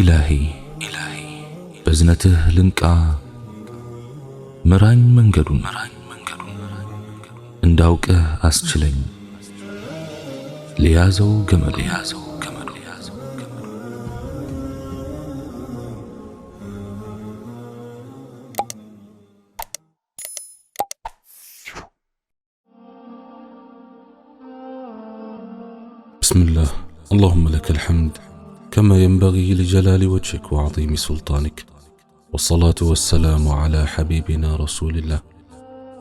إلهي إلهي بزنته لنكا مران منجدو مران منجدو اندوك أسجلين ليازو جمل ليازو جمل ليازو جمل بسم الله اللهم لك الحمد كما ينبغي لجلال وجهك وعظيم سلطانك والصلاة والسلام على حبيبنا رسول الله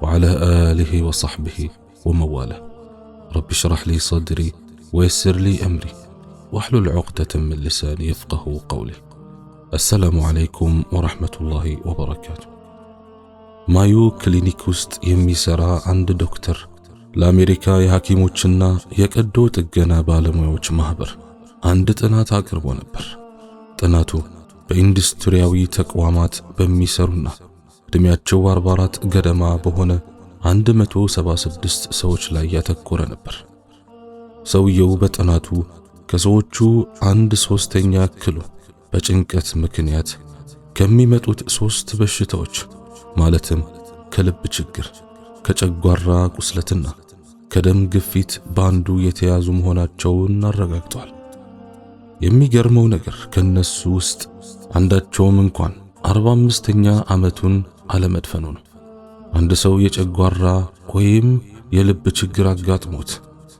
وعلى آله وصحبه ومواله رب اشرح لي صدري ويسر لي أمري واحلل عقدة من لساني يفقه قولي السلام عليكم ورحمة الله وبركاته ማዮ ክሊኒክ የሚሰራ አንድ ዶክተር ለአሜሪካ የሐኪሞችና የቀዶ ጥገና ባለሙያዎች ማኅበር አንድ ጥናት አቅርቦ ነበር። ጥናቱ በኢንዱስትሪያዊ ተቋማት በሚሰሩና ዕድሜያቸው 44 ገደማ በሆነ 176 ሰዎች ላይ ያተኮረ ነበር። ሰውየው በጥናቱ ከሰዎቹ አንድ ሶስተኛ ክሉ በጭንቀት ምክንያት ከሚመጡት ሶስት በሽታዎች ማለትም ከልብ ችግር፣ ከጨጓራ ቁስለትና ከደም ግፊት ባንዱ የተያዙ መሆናቸውን አረጋግጧል። የሚገርመው ነገር ከነሱ ውስጥ አንዳቸውም እንኳን አርባ አምስተኛ ዓመቱን አለመድፈኑ ነው። አንድ ሰው የጨጓራ ወይም የልብ ችግር አጋጥሞት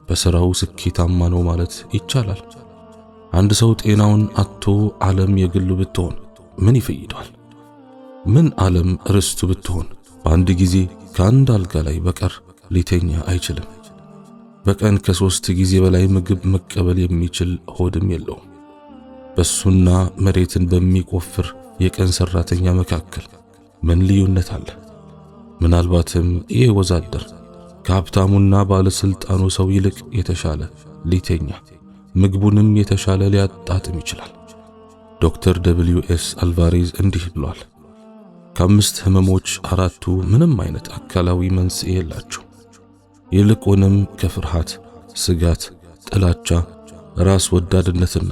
በሥራው ስኬታማ ነው ማለት ይቻላል። አንድ ሰው ጤናውን አጥቶ ዓለም የግሉ ብትሆን ምን ይፈይደዋል? ምን ዓለም ርስቱ ብትሆን በአንድ ጊዜ ከአንድ አልጋ ላይ በቀር ሊተኛ አይችልም። በቀን ከሦስት ጊዜ በላይ ምግብ መቀበል የሚችል ሆድም የለውም። በእሱና መሬትን በሚቆፍር የቀን ሰራተኛ መካከል ምን ልዩነት አለ? ምናልባትም ይህ ወዛደር ከሀብታሙና ባለስልጣኑ ሰው ይልቅ የተሻለ ሊተኛ ምግቡንም የተሻለ ሊያጣጥም ይችላል። ዶክተር ደብሊው ኤስ አልቫሬዝ እንዲህ ብሏል። ከአምስት ህመሞች አራቱ ምንም አይነት አካላዊ መንስኤ የላቸው። ይልቁንም ከፍርሃት፣ ስጋት፣ ጥላቻ፣ ራስ ወዳድነትና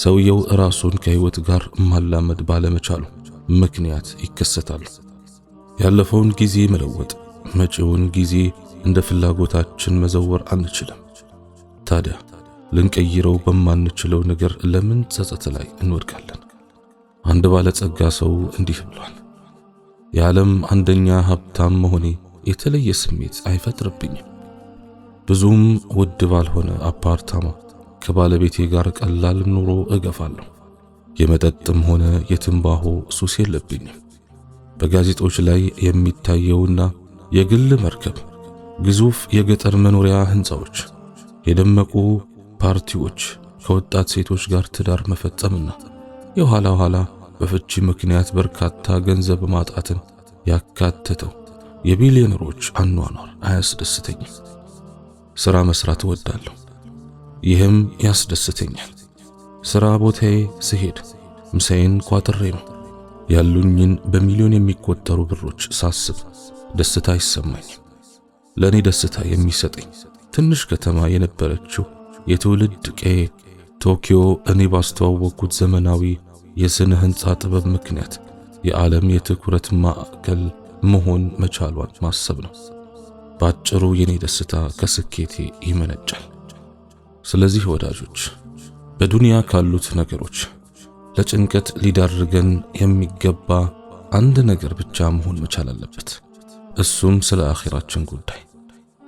ሰውየው ራሱን ከህይወት ጋር ማላመድ ባለመቻሉ ምክንያት ይከሰታል። ያለፈውን ጊዜ መለወጥ፣ መጪውን ጊዜ እንደ ፍላጎታችን መዘወር አንችልም። ታዲያ ልንቀይረው በማንችለው ነገር ለምን ጸጸት ላይ እንወድቃለን? አንድ ባለጸጋ ሰው እንዲህ ብሏል። የዓለም አንደኛ ሀብታም መሆኔ የተለየ ስሜት አይፈጥርብኝም። ብዙም ውድ ባልሆነ አፓርታማ ከባለቤቴ ጋር ቀላል ኑሮ እገፋለሁ። የመጠጥም ሆነ የትንባሆ ሱስ የለብኝም። በጋዜጦች ላይ የሚታየውና የግል መርከብ፣ ግዙፍ የገጠር መኖሪያ ህንፃዎች፣ የደመቁ ፓርቲዎች፣ ከወጣት ሴቶች ጋር ትዳር መፈጸምና የኋላ ኋላ በፍቺ ምክንያት በርካታ ገንዘብ ማጣትን ያካተተው የቢሊዮነሮች አኗኗር አያስደስተኝም። ሥራ መስራት እወዳለሁ። ይህም ያስደስተኛል። ሥራ ቦታዬ ስሄድ ምሳዬን ቋጥሬ ነው። ያሉኝን በሚሊዮን የሚቆጠሩ ብሮች ሳስብ ደስታ አይሰማኝም። ለእኔ ደስታ የሚሰጠኝ ትንሽ ከተማ የነበረችው የትውልድ ቀዬ ቶኪዮ እኔ ባስተዋወቅኩት ዘመናዊ የሥነ ሕንፃ ጥበብ ምክንያት የዓለም የትኩረት ማዕከል መሆን መቻሏን ማሰብ ነው። በአጭሩ የኔ ደስታ ከስኬቴ ይመነጫል። ስለዚህ ወዳጆች በዱንያ ካሉት ነገሮች ለጭንቀት ሊዳርገን የሚገባ አንድ ነገር ብቻ መሆን መቻል አለበት። እሱም ስለ አኺራችን ጉዳይ፣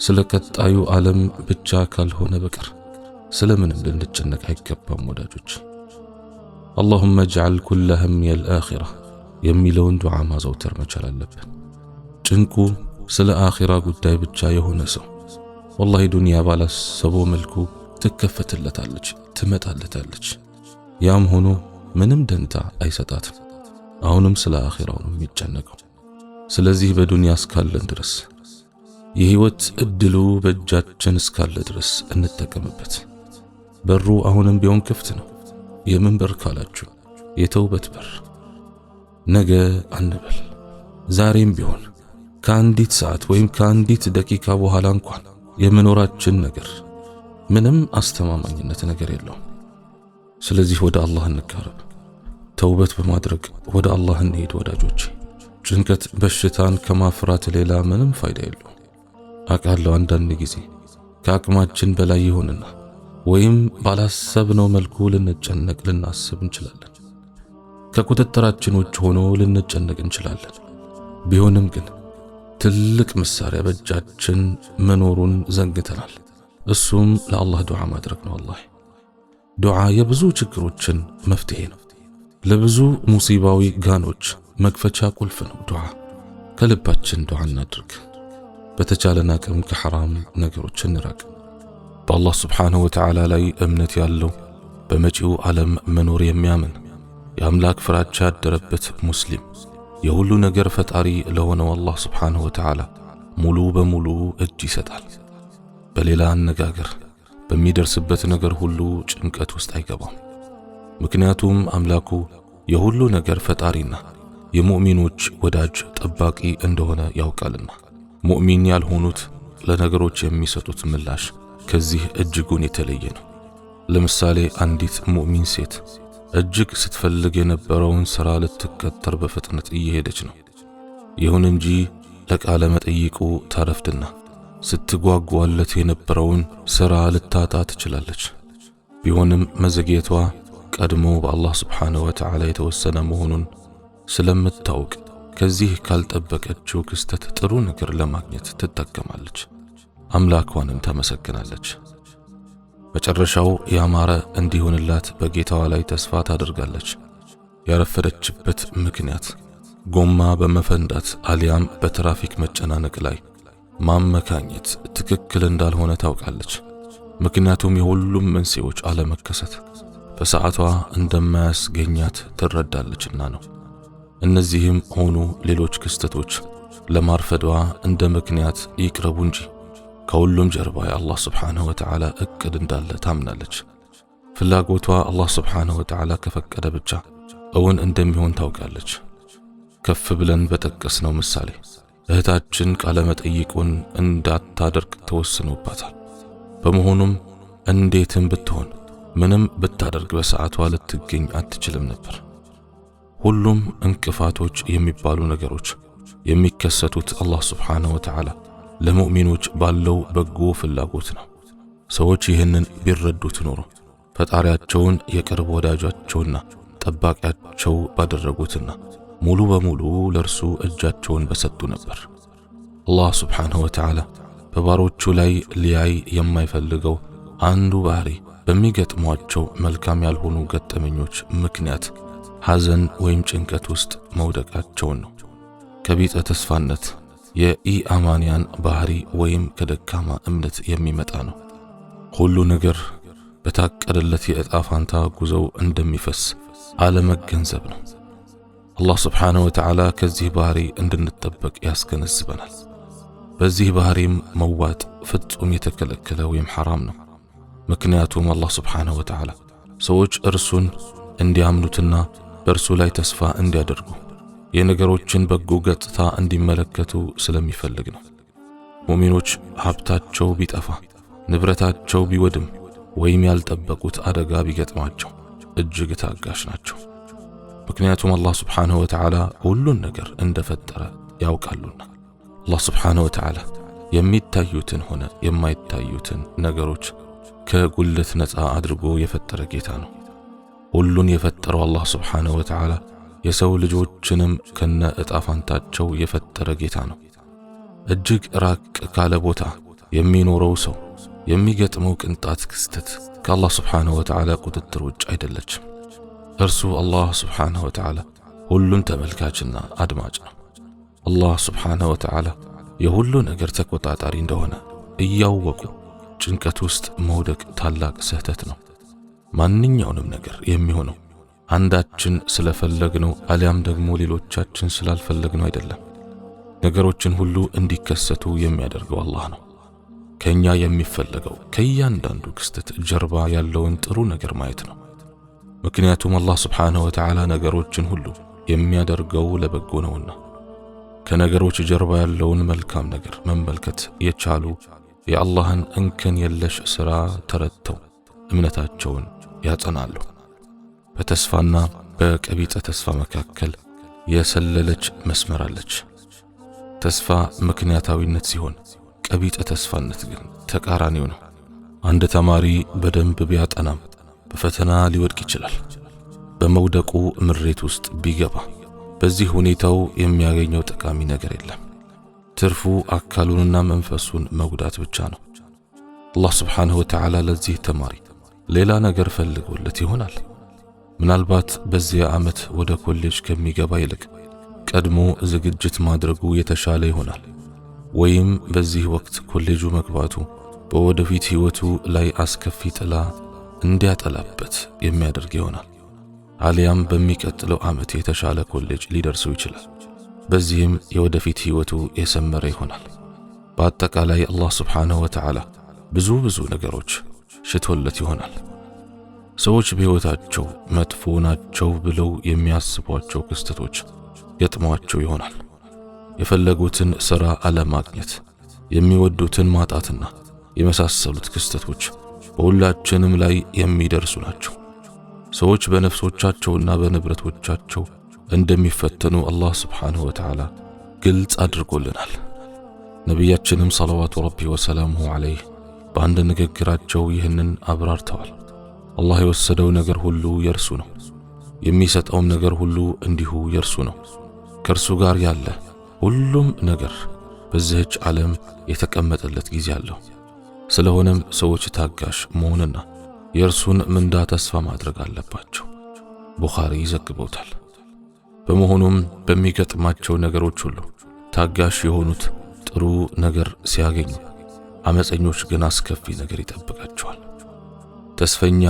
ስለ ቀጣዩ ዓለም ብቻ ካልሆነ በቀር ስለ ምንም ልንጨነቅ አይገባም። ወዳጆች አላሁመ ጅዓል ኩለ ህምየ ልአኺራ የሚለውን ዱዓ ማዘውተር መቻል አለብን። ጭንቁ ስለ አኺራ ጉዳይ ብቻ የሆነ ሰው ወላሂ ዱንያ ባላሰበው መልኩ ትከፈትለታለች፣ ትመጣለታለች። ያም ሆኖ ምንም ደንታ አይሰጣትም። አሁንም ስለ አኺራው ነው የሚጨነቀው። ስለዚህ በዱንያ እስካለን ድረስ የህይወት እድሉ በእጃችን እስካለ ድረስ እንጠቀምበት። በሩ አሁንም ቢሆን ክፍት ነው። የምን በር ካላችሁ የተውበት በር። ነገ አንበል፣ ዛሬም ቢሆን ከአንዲት ሰዓት ወይም ከአንዲት ደቂቃ በኋላ እንኳን የመኖራችን ነገር ምንም አስተማማኝነት ነገር የለውም። ስለዚህ ወደ አላህ እንቃረብ፣ ተውበት በማድረግ ወደ አላህ እንሄድ። ወዳጆች፣ ጭንቀት በሽታን ከማፍራት ሌላ ምንም ፋይዳ የለው። አቃለው አንዳንድ ጊዜ ከአቅማችን በላይ ይሆንና ወይም ባላሰብነው መልኩ ልንጨነቅ ልናስብ እንችላለን። ከቁጥጥራችን ውጭ ሆኖ ልንጨነቅ እንችላለን። ቢሆንም ግን ትልቅ መሳሪያ በእጃችን መኖሩን ዘንግተናል። እሱም ለአላህ ዱዓ ማድረግ ነው። አላህ ዱዓ የብዙ ችግሮችን መፍትሄ ነው። ለብዙ ሙሲባዊ ጋኖች መክፈቻ ቁልፍ ነው ዱዓ። ከልባችን ዱዓ እናድርግ። በተቻለን አቅም ከሐራም ነገሮች እንራቅ። በአላህ ስብሓንሁ ወተዓላ ላይ እምነት ያለው በመጪው ዓለም መኖር የሚያምን የአምላክ ፍራቻ ያደረበት ሙስሊም የሁሉ ነገር ፈጣሪ ለሆነው አላህ ስብሓንሁ ወተዓላ ሙሉ በሙሉ እጅ ይሰጣል። በሌላ አነጋገር በሚደርስበት ነገር ሁሉ ጭንቀት ውስጥ አይገባም። ምክንያቱም አምላኩ የሁሉ ነገር ፈጣሪና የሙእሚኖች ወዳጅ ጠባቂ እንደሆነ ያውቃልና። ሙእሚን ያልሆኑት ለነገሮች የሚሰጡት ምላሽ ከዚህ እጅጉን የተለየ ነው። ለምሳሌ አንዲት ሙእሚን ሴት እጅግ ስትፈልግ የነበረውን ሥራ ልትቀጠር በፍጥነት እየሄደች ነው። ይሁን እንጂ ለቃለ መጠይቁ ታረፍድና ስትጓጓለት የነበረውን ሥራ ልታጣ ትችላለች። ቢሆንም መዘግየቷ ቀድሞ በአላህ ስብሓነሁ ወተዓላ የተወሰነ መሆኑን ስለምታውቅ ከዚህ ካልጠበቀችው ክስተት ጥሩ ነገር ለማግኘት ትጠቀማለች፣ አምላኳንም ተመሰግናለች። መጨረሻው ያማረ እንዲሆንላት በጌታዋ ላይ ተስፋ ታደርጋለች። ያረፈደችበት ምክንያት ጎማ በመፈንዳት አሊያም በትራፊክ መጨናነቅ ላይ ማመካኘት ትክክል እንዳልሆነ ታውቃለች። ምክንያቱም የሁሉም መንስኤዎች አለመከሰት በሰዓቷ እንደማያስገኛት ትረዳለችና ነው። እነዚህም ሆኑ ሌሎች ክስተቶች ለማርፈዷ እንደ ምክንያት ይቅረቡ እንጂ ከሁሉም ጀርባ የአላህ ስብሓንሁ ወተዓላ እቅድ እንዳለ ታምናለች። ፍላጎቷ አላህ ስብሓንሁ ወተዓላ ከፈቀደ ብቻ እውን እንደሚሆን ታውቃለች። ከፍ ብለን በጠቀስነው ምሳሌ እህታችን ቃለመጠይቁን እንዳታደርግ ተወስኖባታል። በመሆኑም እንዴትም ብትሆን ምንም ብታደርግ በሰዓቷ ልትገኝ አትችልም ነበር። ሁሉም እንቅፋቶች የሚባሉ ነገሮች የሚከሰቱት አላህ ስብሓንሁ ወተዓላ ለሙእሚኖች ባለው በጎ ፍላጎት ነው። ሰዎች ይህንን ቢረዱት ኖሮ ፈጣሪያቸውን የቅርብ ወዳጃቸውና ጠባቂያቸው ባደረጉትና ሙሉ በሙሉ ለእርሱ እጃቸውን በሰጡ ነበር። አላህ ስብሓንሁ ወተዓላ በባሮቹ ላይ ሊያይ የማይፈልገው አንዱ ባህሪ በሚገጥሟቸው መልካም ያልሆኑ ገጠመኞች ምክንያት ሐዘን ወይም ጭንቀት ውስጥ መውደቃቸውን ነው። ከቢጠ ተስፋነት የኢአማንያን ባህሪ ወይም ከደካማ እምነት የሚመጣ ነው። ሁሉ ነገር በታቀደለት የእጣ ፋንታ ጉዞው እንደሚፈስ አለመገንዘብ ነው። አላህ ስብሓንሁ ወተዓላ ከዚህ ባህሪ እንድንጠበቅ ያስገነዝበናል። በዚህ ባህሪም መዋጥ ፍጹም የተከለከለ ወይም ሐራም ነው። ምክንያቱም አላህ ስብሓንሁ ወተዓላ ሰዎች እርሱን እንዲያምኑትና በእርሱ ላይ ተስፋ እንዲያደርጉ የነገሮችን በጎ ገጽታ እንዲመለከቱ ስለሚፈልግ ነው። ሙሚኖች ሀብታቸው ቢጠፋ፣ ንብረታቸው ቢወድም ወይም ያልጠበቁት አደጋ ቢገጥማቸው እጅግ ታጋሽ ናቸው። ምክንያቱም አላህ ስብሓንሁ ወተዓላ ሁሉን ነገር እንደፈጠረ ያውቃሉና። አላህ ስብሓንሁ ወተዓላ የሚታዩትን ሆነ የማይታዩትን ነገሮች ከጉልት ነፃ አድርጎ የፈጠረ ጌታ ነው። ሁሉን የፈጠረው አላህ ስብሓንሁ ወተዓላ የሰው ልጆችንም ከነ እጣፋንታቸው የፈጠረ ጌታ ነው። እጅግ ራቅ ካለ ቦታ የሚኖረው ሰው የሚገጥመው ቅንጣት ክስተት ከአላህ ስብሓንሁ ወተዓላ ቁጥጥር ውጭ አይደለችም። እርሱ አላህ ስብሓንሁ ወተዓላ ሁሉን ተመልካችና አድማጭ ነው። አላህ ስብሓንሁ ወተዓላ የሁሉ ነገር ተቆጣጣሪ እንደሆነ እያወቁ ጭንቀት ውስጥ መውደቅ ታላቅ ስህተት ነው። ማንኛውንም ነገር የሚሆነው አንዳችን ስለፈለግነው አሊያም ደግሞ ሌሎቻችን ስላልፈለግነው አይደለም። ነገሮችን ሁሉ እንዲከሰቱ የሚያደርገው አላህ ነው። ከእኛ የሚፈለገው ከእያንዳንዱ ክስተት ጀርባ ያለውን ጥሩ ነገር ማየት ነው። ምክንያቱም አላህ ስብሓንሁ ወተዓላ ነገሮችን ሁሉ የሚያደርገው ለበጎ ነውና። ከነገሮች ጀርባ ያለውን መልካም ነገር መመልከት የቻሉ የአላህን እንከን የለሽ ሥራ ተረድተው እምነታቸውን ያጸናሉ። በተስፋና በቀቢጸ ተስፋ መካከል የሰለለች መስመር አለች። ተስፋ ምክንያታዊነት ሲሆን፣ ቀቢጸ ተስፋነት ግን ተቃራኒው ነው። አንድ ተማሪ በደንብ ቢያጠናም በፈተና ሊወድቅ ይችላል። በመውደቁ ምሬት ውስጥ ቢገባ በዚህ ሁኔታው የሚያገኘው ጠቃሚ ነገር የለም። ትርፉ አካሉንና መንፈሱን መጉዳት ብቻ ነው። አላህ ስብሓንሁ ወተዓላ ለዚህ ተማሪ ሌላ ነገር ፈልጎለት ይሆናል። ምናልባት በዚያ ዓመት ወደ ኮሌጅ ከሚገባ ይልቅ ቀድሞ ዝግጅት ማድረጉ የተሻለ ይሆናል። ወይም በዚህ ወቅት ኮሌጁ መግባቱ በወደፊት ሕይወቱ ላይ አስከፊ ጥላ እንዲያጠላበት የሚያደርግ ይሆናል። አሊያም በሚቀጥለው ዓመት የተሻለ ኮሌጅ ሊደርሱ ይችላል። በዚህም የወደፊት ሕይወቱ የሰመረ ይሆናል። በአጠቃላይ አላህ ስብሓንሁ ወተዓላ ብዙ ብዙ ነገሮች ሽቶለት ይሆናል። ሰዎች በሕይወታቸው መጥፎ ናቸው ብለው የሚያስቧቸው ክስተቶች ገጥሟቸው ይሆናል። የፈለጉትን ሥራ አለማግኘት፣ የሚወዱትን ማጣትና የመሳሰሉት ክስተቶች በሁላችንም ላይ የሚደርሱ ናቸው። ሰዎች በነፍሶቻቸውና በንብረቶቻቸው እንደሚፈተኑ አላህ ስብሓንሁ ወተዓላ ግልጽ አድርጎልናል። ነቢያችንም ሰለዋቱ ረቢ ወሰላሙሁ ዓለይህ በአንድ ንግግራቸው ይህንን አብራርተዋል። አላህ የወሰደው ነገር ሁሉ የርሱ ነው፣ የሚሰጠውም ነገር ሁሉ እንዲሁ የርሱ ነው። ከእርሱ ጋር ያለ ሁሉም ነገር በዚህች ዓለም የተቀመጠለት ጊዜ አለው። ስለሆነም ሰዎች ታጋሽ መሆንና የእርሱን ምንዳ ተስፋ ማድረግ አለባቸው። ቡኻሪ ይዘግበውታል። በመሆኑም በሚገጥማቸው ነገሮች ሁሉ ታጋሽ የሆኑት ጥሩ ነገር ሲያገኙ፣ አመፀኞች ግን አስከፊ ነገር ይጠብቃቸዋል። ተስፈኛ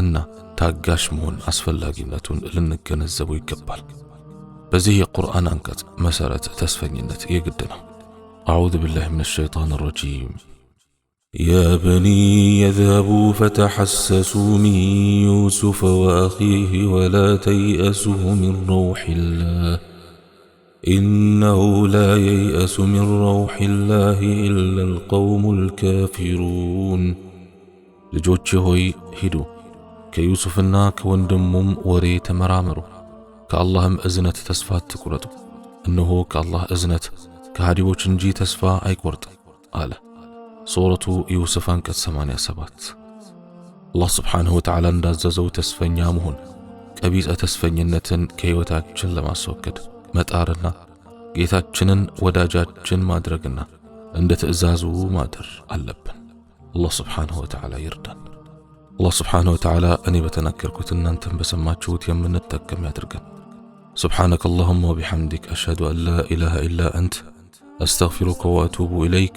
እና ታጋሽ መሆን አስፈላጊነቱን ልንገነዘቡ ይገባል። በዚህ የቁርአን አንቀጽ መሰረት ተስፈኝነት የግድ ነው። አዑዝ ቢላሂ ምን ሸይጣን ረጂም يا بني يذهبوا فتحسسوا من يوسف وأخيه ولا تيأسوا من روح الله إنه لا ييأس من روح الله إلا القوم الكافرون لجوتش هوي هدو كيوسف الناك واندمم وريت مرامرو كاللهم أزنت تسفات تكرتو أنه كالله أزنت كهدي وشنجي تسفى أي قرد آله ሱረቱ ዩሱፍ አንቀጽ 87 አላህ ስብሓንሁ ወተዓላ እንዳዘዘው ተስፈኛ መሆን ቀቢጸ ተስፈኝነትን ከሕይወታችን ለማስወገድ መጣርና ጌታችንን ወዳጃችን ማድረግና እንደ ትእዛዙ ማደር አለብን። አላህ ስብሓንሁ ወተዓላ ይርዳን። አላህ ስብሓንሁ ወተዓላ እኔ በተናገርኩት እናንተን በሰማችሁት የምንጠቀም ያድርገን። ስብሓነከ አላሁማ ወቢሐምዲክ አሽሀዱ አን ላ ኢላሃ ኢላ አንት አስተግፊሩከ ወአቱቡ ኢለይክ